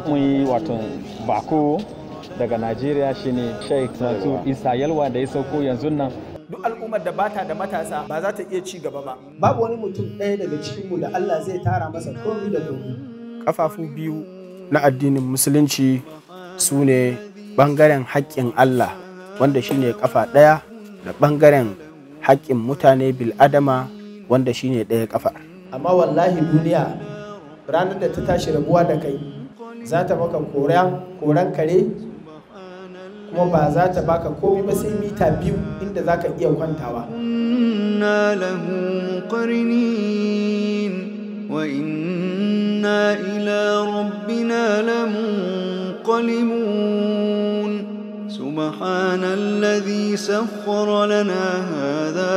mun yi wato bako daga najeriya shine sheikh mansur isa yalwa da ya sauko yanzu nan duk al'ummar da bata da matasa ba za ta iya ci gaba ba babu wani mutum ɗaya daga cikinmu da allah zai tara masa komi da komi kafafu biyu na addinin musulunci su ne ɓangaren haƙƙin allah wanda shine kafa ɗaya da ɓangaren haƙƙin mutane bil'adama wanda shine ɗaya kafa amma wallahi duniya ranar da ta tashi rabuwa da kai za ta maka koran kare kuma ba za ta baka komi ba sai mita biyu inda za ka iya kwantawa وإنا إلى ربنا لمنقلبون سبحان الذي سخر لنا هذا